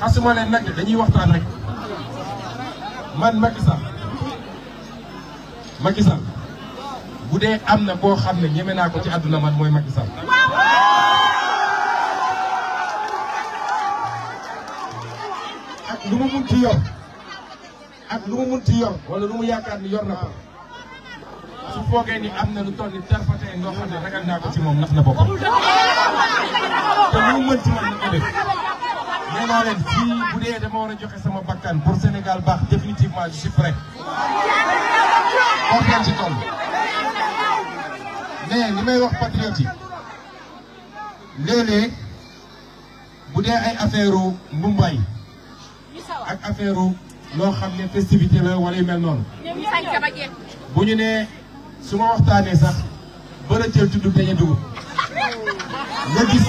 xasuma leen nag dañuy waxtaan rek man Macky Sall bu dee am na koo xam ne ñeme naa ko ci àdduna man mooy Macky Sall ak lu mu munti yor ak lu mu munti yor wala lu mu yaakaar ni yor na su foogee ni am na lu toll ni tarfatee ndoo xam ne ragal naa ko ci moom nax na boppam te lu mu mën ci man na ko naa leen fii bu dee dama war a joxe sama bakkan pour Sénégal baax définitivement je suis prêt. kontaan ci tool mais li may wax patriote yi léeg bu dee ay affaire u Mumbai ak affaire u loo xam ne festivité la wala yu mel noonu. bu ñu nee su waxtaanee sax bëri jël tudd peña dugub nga gis.